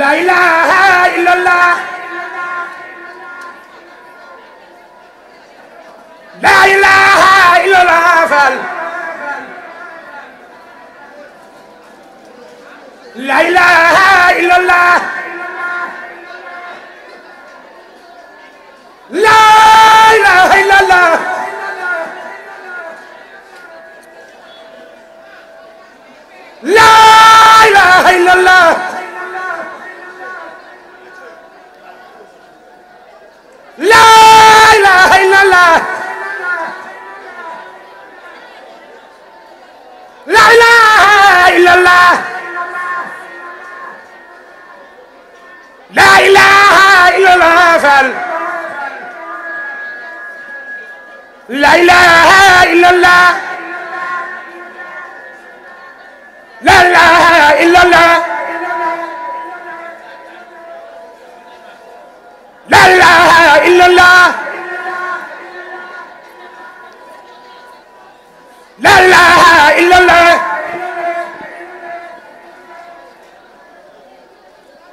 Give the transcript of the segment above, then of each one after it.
la ilaha illallah la ilaha illallah fal la ilaha illallah la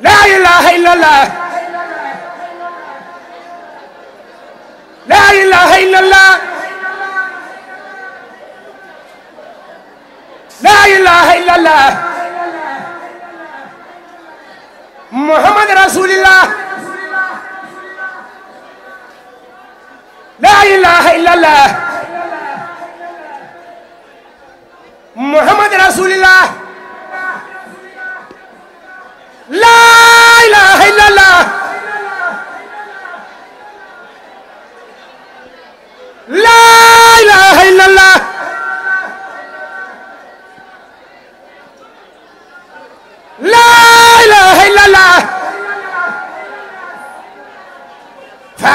laa ilaaha illallah laa ilaaha illallah laa ilaaha illallah muhammad rasulillah laa ilaaha illallah muhammad rasulillah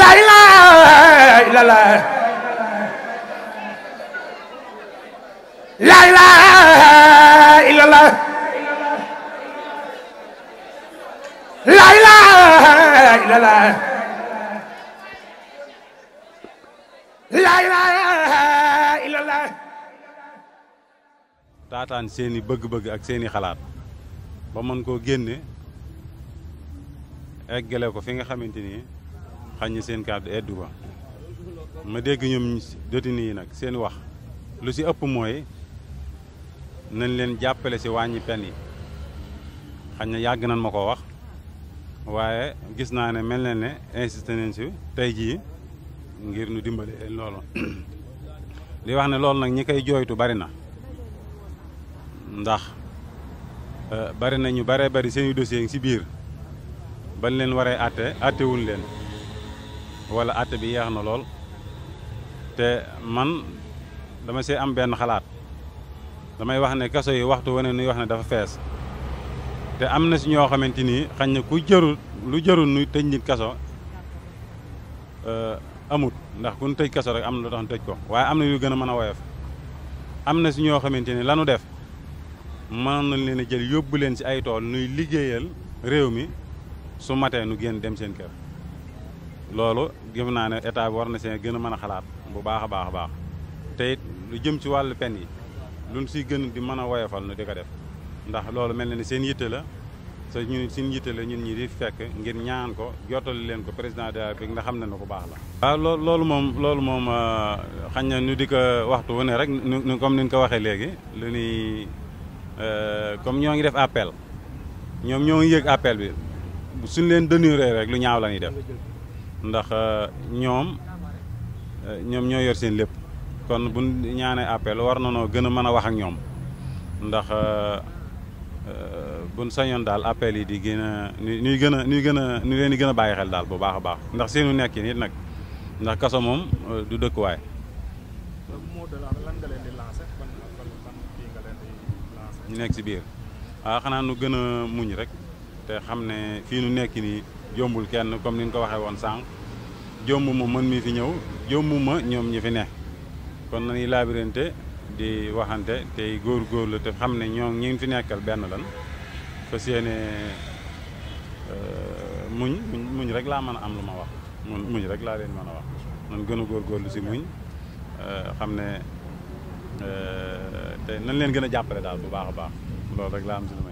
la ilaha illallah la ilaha illallah la ilaha illallah la ilaha illallah taataan seeni bëgg-bëgg ak seeni xalaat ba mën koo génne eggale ko fi nga xamante ni xañ seen carte eddu ko ma dégg ñoom détenus yi nag seen wax lu si ëpp mooy nañ leen jàppale si wàññi pen yi xañ na yàgg nañ ma ko wax waaye gis naa ne mel na ne insisté nañ si tey jii ngir nu dimbali leen loolu li wax ne loolu nag ñi koy jooytu bari na ndax eh, bari na ñu baree bari seen i dossier ci si biir bañ leen waree atte attewuñ leen wala àtte bi yeex na lool te man dama see am benn xalaat damay wax ne kaso yi waxtu wane nuy wax ne dafa fees te am na si ñoo xamante ni xañ ne ku jërul lu jërul nuy tëj nit kaso euh, amut ndax ku ñu tëj kaso rek am na lu tax ñu tëj ko waaye am na yu gën a mën a woyof am na si ñoo xamante ni lanu def mën nañ leen a jël yóbbu leen ci ay tool nuy liggéeyal réew mi su matee nu génn dem seen kër loolu gëm naa ne état bi war na see gën a mën a xalaat bu baax a baax a baax tey it lu jëm si wàllu pen yi luñ siy gën di mën a woyofal nu di ko def ndax loolu mel na ni seen yitte la te ñun seen yitte la ñun ñi di fekk ngir ñaan ko jottali leen ko président de la nga xam ne na ko baax la. loolu moom loolu moom euh, xañ na ñu di ko waxtu wu ne rek nu comme ni ñu ko waxee léegi lu ni euh, comme ñoo ngi def appel ñoom ñoo ngi yëg appel bi suñ leen dénuré rek lu ñaaw la ñuy def. ndax euh, ñoom euh, ñoom ñoo yor seen lépp kon bu ñaanee appel war na noo gën a mën a wax ak ñoom ndax euh, buñ sañoon daal appel yi di gën a ñuy gën a ñuy gën a ñu leen di gën a bàyyi xel daal bu baax a baax ndax seenu nekk nit nag ndax kaso moom du dëkkuwaay. ñu nekk si biir waaw ah, xanaa nu gën a muñ rek te xam ne fii nu nekk nii. jombul kenn comme ni ñu ko waxee woon sànq jombu ma mën mi fi ñëw jombu ñoom ñi fi ne kon nañuy laabirante di waxante tey góor-góorlu te xam ne ñoom ñi ngi fi nekkal benn lan fas yéene euh, muñ muñ rek laa mën a am lu ma wax muñ rek laa leen mën a wax nan gën a góor-góorlu si muñ euh, xam ne euh, te nan leen gën a jàppale daal bu baax a baax loolu rek laa am si lu may